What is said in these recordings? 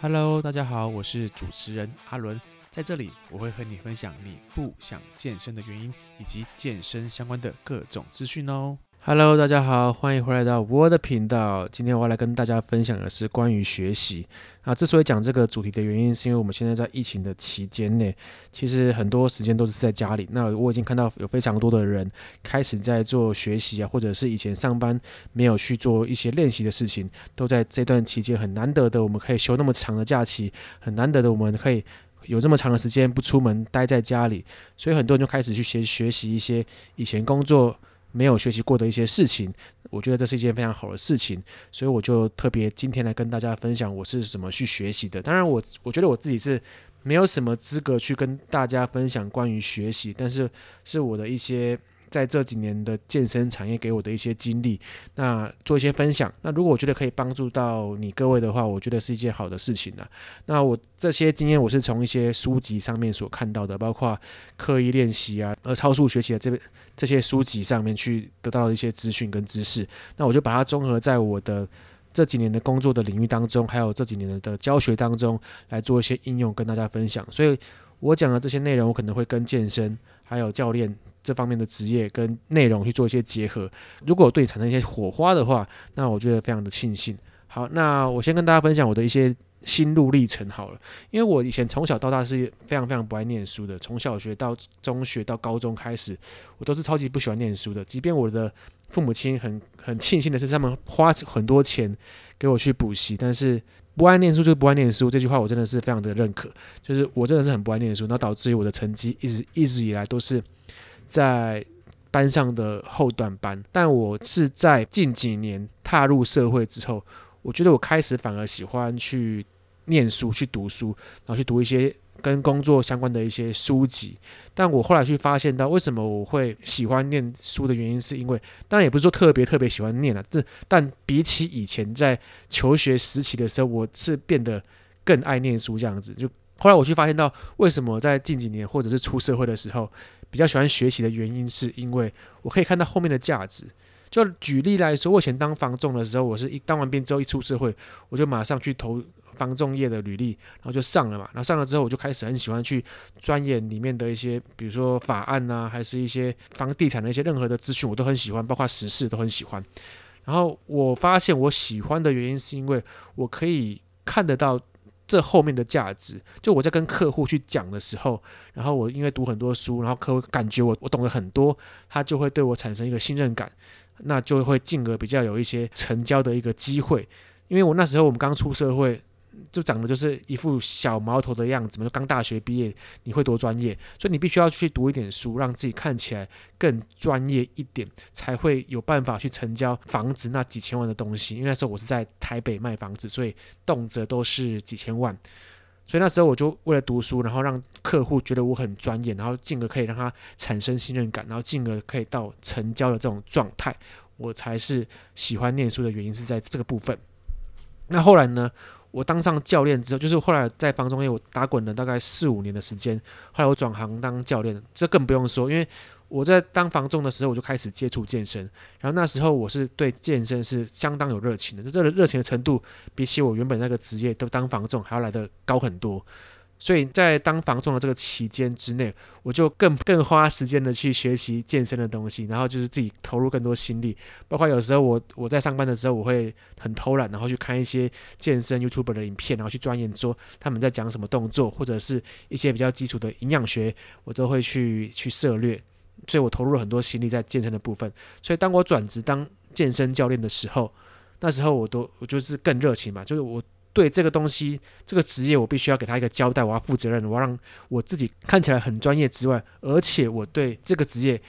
Hello，大家好，我是主持人阿倫。在這裡我會和你分享你不想健身的原因，以及健身相關的各種資訊哦。Hello，大家好，歡迎回來到我的頻道。今天我要來跟大家分享的是關於學習啊。之所以講這個主題的原因，是因為我們現在在疫情的期間內，其實很多時間都是在家裡。那我已經看到有非常多的人開始在做學習啊，或者是以前上班沒有去做一些練習的事情，都在這段期間很難得的，我們可以休那麼長的假期，很難得的我們可以有這麼長的時間不出門待在家裡，所以很多人就開始去學學習一些以前工作沒有學習過的一些事情，我覺得這是一件非常好的事情，所以我就特別今天來跟大家分享我是怎麼去學習的。當然我，我我覺得我自己是沒有什麼資格去跟大家分享關於學習，但是是我的一些。在這幾年的健身產業給我的一些經歷，那做一些分享。那如果我覺得可以幫助到你各位的話，我覺得是一件好的事情呢、啊。那我這些經驗我是從一些書籍上面所看到的，包括刻意練習啊，呃，超速學習的這邊這些書籍上面去得到的一些資訊跟知識。那我就把它綜合在我的這幾年的工作的領域當中，還有這幾年的教學當中來做一些應用跟大家分享。所以我講的這些內容，我可能會跟健身。還有教練這方面的職業跟內容去做一些結合，如果對你產生一些火花的話，那我覺得非常的慶幸。好，那我先跟大家分享我的一些心路歷程好了，因為我以前從小到大是非常非常不愛唸書的，從小學到中學到高中開始，我都是超級不喜歡唸書的。即便我的父母親很很慶幸的是，他們花很多錢給我去補習，但是……不愛念書就不愛念書，這句話我真的是非常的認可。就是我真的是很不愛念書，那導致於我的成績一直一直以來都是在班上的後段班。但我是在近幾年踏入社會之後，我覺得我開始反而喜歡去念書、去讀書，然後去讀一些。跟工作相關的一些書籍，但我後來去發現到，為什麼我會喜歡念書的原因，是因為當然也不是說特別特別喜歡念了。這但比起以前在求學時期的時候，我是變得更愛念書這樣子。就後來我去發現到，為什麼在近幾年或者是出社會的時候，比較喜歡學習的原因，是因為我可以看到後面的價值。就舉例來說，我以前當房仲的時候，我是一當完兵之後一出社會，我就馬上去投。房仲業的履歷，然後就上了嘛。然後上了之後，我就開始很喜歡去鑽研裡面的一些，比如說法案吶、啊，還是一些房地產的一些任何的資訊，我都很喜歡，包括時事都很喜歡。然後我發現我喜歡的原因，是因為我可以看得到這後面的價值。就我在跟客戶去講的時候，然後我因為讀很多書，然後客戶感覺我我懂了很多，他就會對我產生一個信任感，那就會進而比較有一些成交的一個機會。因為我那時候我們剛出社會。就長得就是一副小毛頭的樣子嘛，就剛大學畢業，你會多專業？所以你必須要去讀一點書，讓自己看起來更專業一點，才會有辦法去成交房子那幾千萬的東西。因為那時候我是在台北賣房子，所以動輒都是幾千萬。所以那時候我就為了讀書，然後讓客戶覺得我很專業，然後進而可以讓他產生信任感，然後進而可以到成交的這種狀態。我才是喜歡念書的原因是在這個部分。那後來呢？我當上教練之後，就是後來在房仲業我打滾了大概四五年的時間，後來我轉行當教練，這更不用說，因為我在當房仲的時候，我就開始接觸健身，然後那時候我是對健身是相當有熱情的，這熱情的程度，比起我原本那個職業都當房仲還要來得高很多。所以在當房仲的這個期間之內，我就更更花時間的去學習健身的東西，然後就是自己投入更多心力，包括有時候我我在上班的時候，我會很偷懶，然後去看一些健身 YouTuber 的影片，然後去鑽研說他們在講什麼動作，或者是一些比較基礎的營養學，我都會去去涉獵，所以我投入了很多心力在健身的部分。所以當我轉職當健身教練的時候，那時候我都我就是更熱情嘛，就是我。對這個東西，這個職業，我必須要給他一個交代，我要負責任，我要讓我自己看起來很專業之外，而且我對這個職業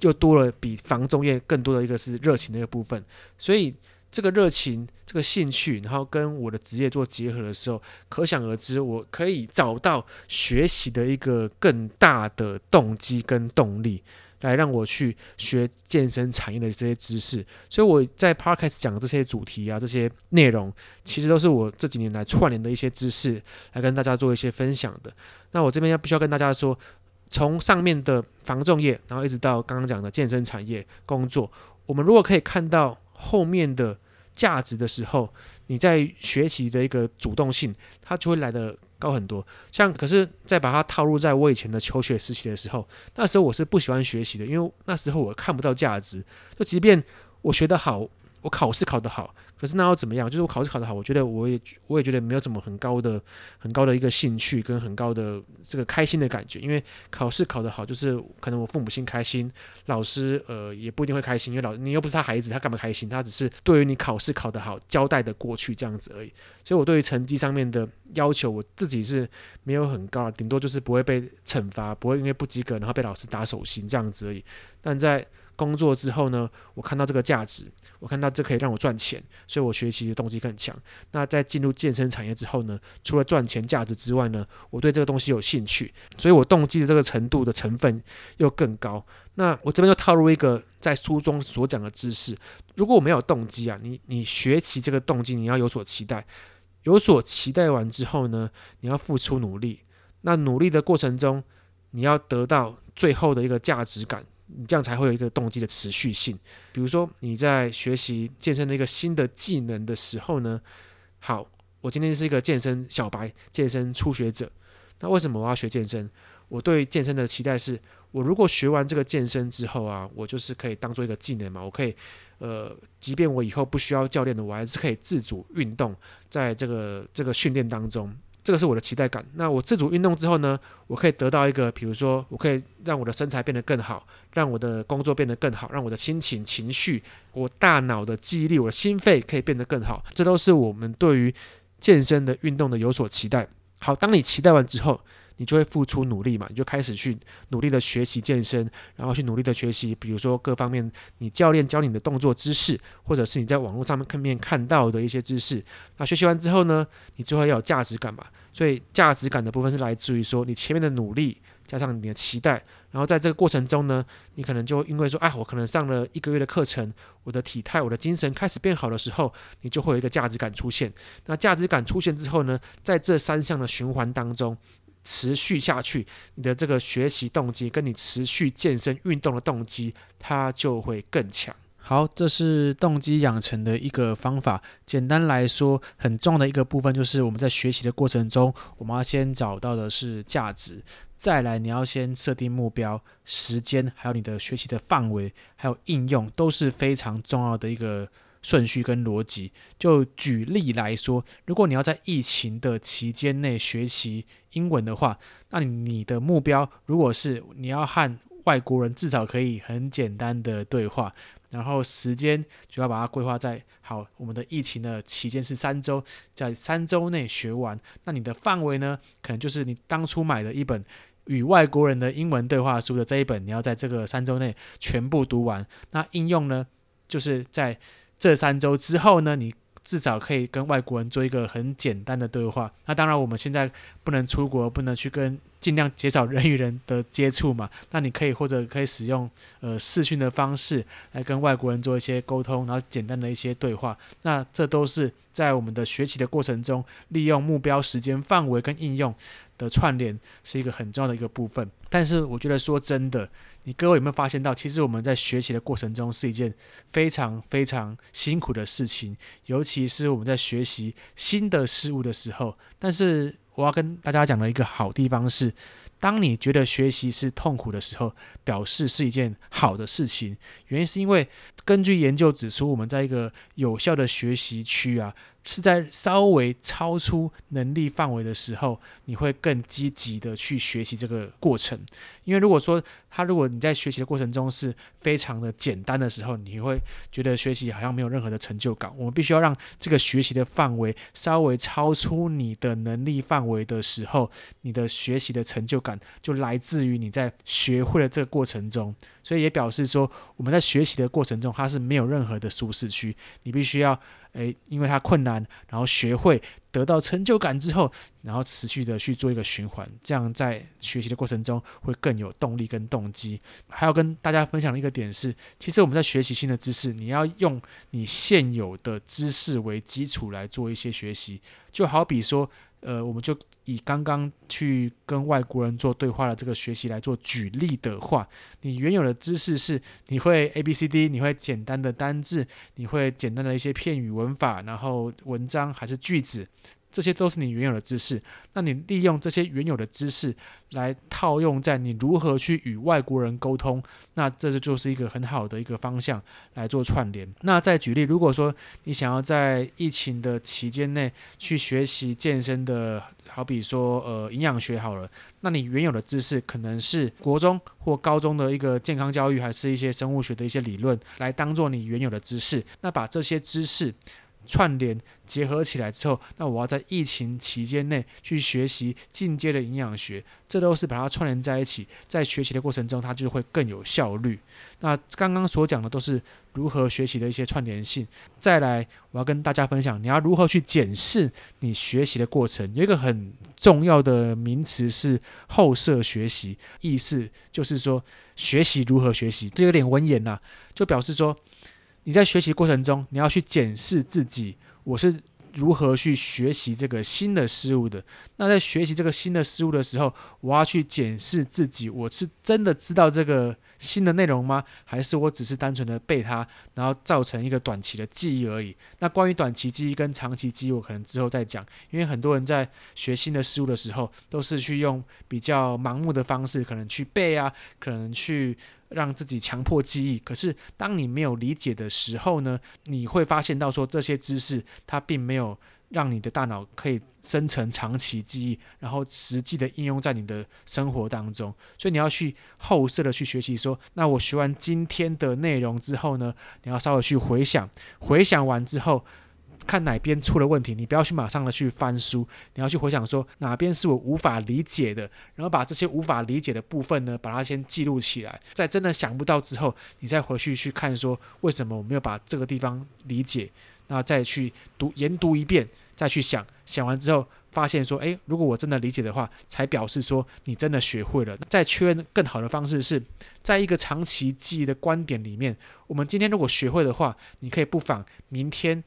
又多了比房仲業更多的一個是熱情的一個部分，所以這個熱情、這個興趣，然後跟我的職業做結合的時候，可想而知，我可以找到學習的一個更大的動機跟動力。來讓我去學健身產業的這些知識，所以我在 Podcast 講的這些主題啊，這些內容，其實都是我這幾年來串聯的一些知識，來跟大家做一些分享的。那我這邊要必須要跟大家說，從上面的房仲業，然後一直到剛剛講的健身產業工作，我們如果可以看到後面的價值的時候，你在學習的一個主動性，它就會來得高很多。像可是再把它套入在我以前的求學時期的時候，那時候我是不喜歡學習的，因為那時候我看不到價值。就即便我學得好。我考試考得好，可是那又怎麼樣？就是我考試考得好，我覺得我也我也覺得沒有什麼很高的很高的一個興趣跟很高的這個開心的感覺，因為考試考得好，就是可能我父母親開心，老師呃也不一定會開心，因為老你又不是他孩子，他幹嘛開心？他只是對於你考試考得好交代的過去這樣子而已。所以我對於成績上面的要求，我自己是沒有很高的，頂多就是不會被懲罰，不會因為不及格然後被老師打手心這樣子而已。但在工作之後呢，我看到這個價值，我看到這可以讓我賺錢，所以我學習的動機更強。那在進入健身產業之後呢，除了賺錢價值之外呢，我對這個東西有興趣，所以我動機的這個程度的成分又更高。那我這邊就套入一個在書中所講的知識，如果我沒有動機啊，你你學習這個動機，你要有所期待，有所期待完之後呢，你要付出努力。那努力的過程中，你要得到最後的一個價值感。你這樣才會有一個動機的持續性。比如說，你在學習健身的一個新的技能的時候呢，好，我今天是一個健身小白，健身初學者。那為什麼我要學健身？我對健身的期待是，我如果學完這個健身之後啊，我就是可以當做一個技能嘛，我可以，呃，即便我以後不需要教練的，我還是可以自主運動，在這個這個訓練當中。這個是我的期待感。那我自主運動之後呢，我可以得到一個，比如說，我可以讓我的身材變得更好，讓我的工作變得更好，讓我的心情、情緒、我大腦的記憶力、我的心肺可以變得更好。這都是我們對於健身的運動的有所期待。好，當你期待完之後。你就會付出努力嘛，你就開始去努力的學習健身，然後去努力的學習，比如說各方面，你教練教你的動作姿勢，或者是你在網絡上面看面看到的一些知識。那學習完之後呢，你就會要有價值感嘛，所以價值感的部分是來自於說你前面的努力加上你的期待，然後在這個過程中呢，你可能就因為說，哎，我可能上了一個月的課程，我的體態、我的精神開始變好的時候，你就會有一個價值感出現。那價值感出現之後呢，在這三項的循環當中，持續下去，你的這個學習動機跟你持續健身運動的動機，它就會更強。好，這是動機養成的一個方法。簡單來說，很重要的一個部分就是我們在學習的過程中，我們要先找到的是價值。再來你要先設定目標、時間，還有你的學習的範圍，還有應用，都是非常重要的一個。順序跟邏輯，就舉例來說，如果你要在疫情的期間內學習英文的話，那你的目標如果是你要和外國人至少可以很簡單的對話，然後時間就要把它規劃在。好，我們的疫情的期間是三周，在三周內學完，那你的範圍呢，可能就是你當初買的一本與外國人的英文對話書的這一本，你要在這個三周內全部讀完。那應用呢，就是在這三周之後呢，你至少可以跟外國人做一個很簡單的對話。那當然，我們現在不能出國，不能去跟。盡量減少人與人的接觸嘛，那你可以或者可以使用呃視訊的方式來跟外國人做一些溝通，然後簡單的一些對話，那這都是在我們的學習的過程中，利用目標時間範圍跟應用的串聯是一個很重要的一個部分。但是我覺得說真的，你各位有沒有發現到，其實我們在學習的過程中是一件非常非常辛苦的事情，尤其是我們在學習新的事物的時候，但是。我要跟大家講的一個好地方是，當你覺得學習是痛苦的時候，表示是一件好的事情。原因是因為根據研究指出，我們在一個有效的學習區啊。是在稍微超出能力範圍的時候，你會更積極的去學習這個過程。因為如果說他，它如果你在學習的過程中是非常的簡單的時候，你會覺得學習好像沒有任何的成就感。我們必須要讓這個學習的範圍稍微超出你的能力範圍的時候，你的學習的成就感就來自於你在學會了這個過程中。所以也表示說，我們在學習的過程中，它是沒有任何的舒適區，你必須要，誒、欸，因為它困難，然後學會得到成就感之後，然後持續的去做一個循環，這樣在學習的過程中會更有動力跟動機。還要跟大家分享的一個點是，其實我們在學習新的知識，你要用你現有的知識為基礎來做一些學習，就好比說。呃，我們就以剛剛去跟外國人做對話的這個學習來做舉例的話，你原有的知識是你會 ABCD，你會簡單的單字，你會簡單的一些片語文法，然後文章還是句子。這些都是你原有的知識，那你利用這些原有的知識來套用在你如何去與外國人溝通，那這就是一個很好的一個方向來做串聯。那再舉例，如果說你想要在疫情的期間內去學習健身的，好比說呃營養學好了，那你原有的知識可能是國中或高中的一個健康教育，還是一些生物學的一些理論來當做你原有的知識，那把這些知識。串聯結合起來之後，那我要在疫情期間內去學習進階的營養學，這都是把它串聯在一起，在學習的過程中，它就會更有效率。那剛剛所講的都是如何學習的一些串聯性。再來，我要跟大家分享，你要如何去檢視你學習的過程。有一個很重要的名詞是後設學習，意思就是說學習如何學習，這有點文言吶、啊，就表示說。你在學習過程中，你要去檢視自己，我是如何去學習這個新的事物的？那在學習這個新的事物的時候，我要去檢視自己，我是真的知道這個新的內容嗎？還是我只是單純的背它，然後造成一個短期的記憶而已？那關於短期記憶跟長期記憶，我可能之後再講，因為很多人在學新的事物的時候，都是去用比較盲目的方式，可能去背啊，可能去。讓自己強迫記憶，可是當你沒有理解的時候呢？你會發現到說這些知識，它並沒有讓你的大腦可以生成長期記憶，然後實際的應用在你的生活當中。所以你要去後設的去學習說，說那我學完今天的內容之後呢，你要稍微去回想，回想完之後。看哪邊出了問題，你不要去馬上的去翻書，你要去回想說哪邊是我無法理解的，然後把這些無法理解的部分呢，把它先記錄起來。在真的想不到之後，你再回去去看說，為什麼我沒有把這個地方理解，那再去讀研讀一遍，再去想想完之後發現說，誒，如果我真的理解的話，才表示說你真的學會了。再確認更好的方式是在一個長期記憶的觀點裡面，我們今天如果學會的話，你可以不妨明天。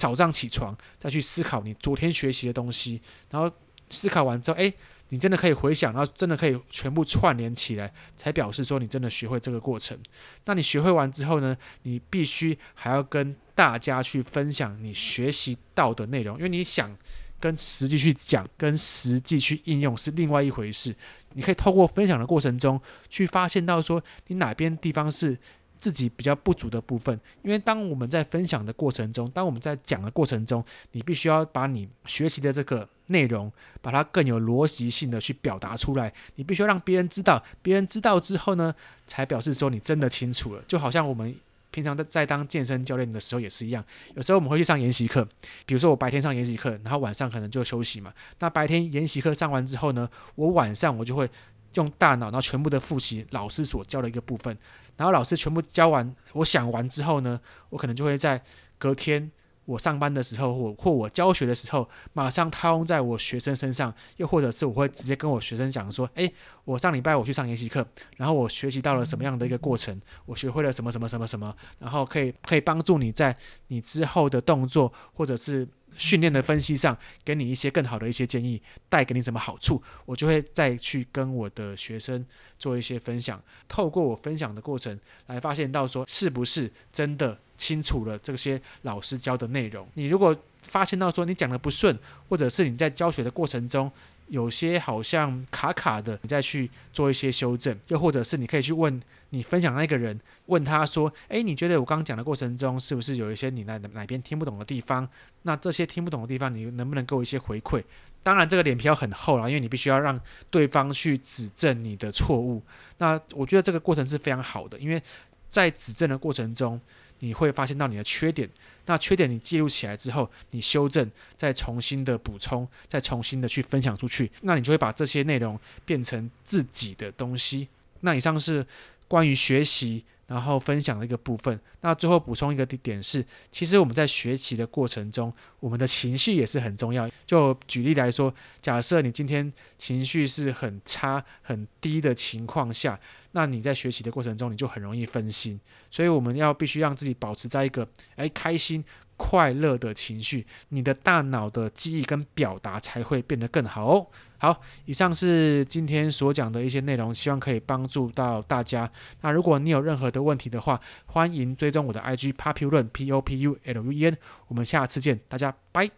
早上起床再去思考你昨天學習的東西，然後思考完之後，誒，你真的可以回想，然後真的可以全部串聯起來，才表示說你真的學會這個過程。那你學會完之後呢？你必須還要跟大家去分享你學習到的內容，因為你想跟實際去講、跟實際去應用是另外一回事。你可以透過分享的過程中去發現到說你哪邊地方是。自己比較不足的部分，因為當我們在分享的過程中，當我們在講的過程中，你必須要把你學習的這個內容，把它更有邏輯性的去表達出來。你必須要讓別人知道，別人知道之後呢，才表示說你真的清楚了。就好像我們平常在在當健身教練的時候也是一樣，有時候我們會去上研習課，比如說我白天上研習課，然後晚上可能就休息嘛。那白天研習課上完之後呢，我晚上我就會。用大腦，然後全部的複習老師所教的一個部分，然後老師全部教完，我想完之後呢，我可能就會在隔天我上班的時候，或或我教學的時候，馬上套用在我學生身上，又或者是我會直接跟我學生講說，誒，我上禮拜我去上研習課，然後我學習到了什麼樣的一個過程，我學會了什麼什麼什麼什麼，然後可以可以幫助你在你之後的動作或者是。訓練的分析上，給你一些更好的一些建議，帶給你什麼好處，我就會再去跟我的學生做一些分享。透過我分享的過程，來發現到說，是不是真的清楚了這些老師教的內容。你如果發現到說，你講的不順，或者是你在教學的過程中……有些好像卡卡的，你再去做一些修正，又或者是你可以去問你分享那個人，問他說：“誒，你覺得我剛剛講的過程中，是不是有一些你哪哪邊聽不懂的地方？那這些聽不懂的地方，你能不能給我一些回饋？當然，這個臉皮要很厚了，因為你必須要讓對方去指正你的錯誤。那我覺得這個過程是非常好的，因為在指正的過程中。”你會發現到你的缺點，那缺點你記錄起來之後，你修正，再重新的補充，再重新的去分享出去，那你就會把這些內容變成自己的東西。那以上是關於學習。然後分享的一個部分。那最後補充一個點是，其實我們在學習的過程中，我們的情緒也是很重要。就舉例來說，假設你今天情緒是很差、很低的情況下，那你在學習的過程中，你就很容易分心。所以我們要必須讓自己保持在一個哎開心。快樂的情緒，你的大腦的記憶跟表達才會變得更好哦。好，以上是今天所講的一些內容，希望可以幫助到大家。那如果你有任何的問題的話，歡迎追蹤我的 IG populuen P O P U L U E N。我們下次見，大家拜。